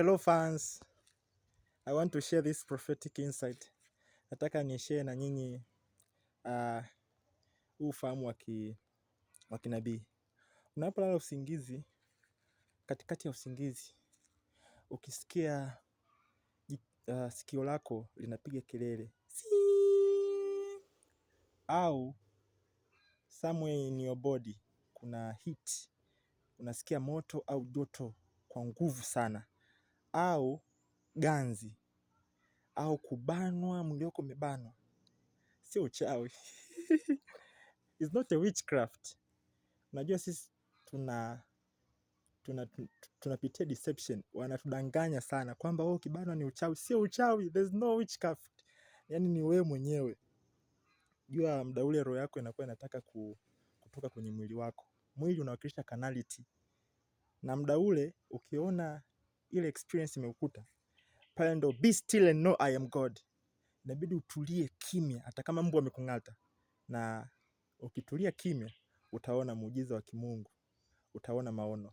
Hello fans. I want to share this prophetic insight. Nataka ni share na nyinyi ah, huu uh, ufahamu wa kinabii. Unapolala usingizi, katikati ya usingizi, ukisikia uh, sikio lako linapiga kelele au somewhere in your body kuna heat, unasikia moto au joto kwa nguvu sana au ganzi au kubanwa, mwili wako umebanwa, sio uchawi It's not a witchcraft. Unajua sisi tuna tunapitia tuna, tuna deception, wanatudanganya sana kwamba wewe oh, ukibanwa ni uchawi. Sio uchawi, there's no witchcraft, yani ni wewe mwenyewe. Jua muda ule roho yako inakuwa inataka ku, kutoka kwenye mwili wako. Mwili unawakilisha kanality, na muda ule ukiona ile experience imekukuta pale, ndo be still and know I am God. Inabidi utulie kimya, hata kama mbwa amekung'ata, na ukitulia kimya utaona muujiza wa kimungu, utaona maono.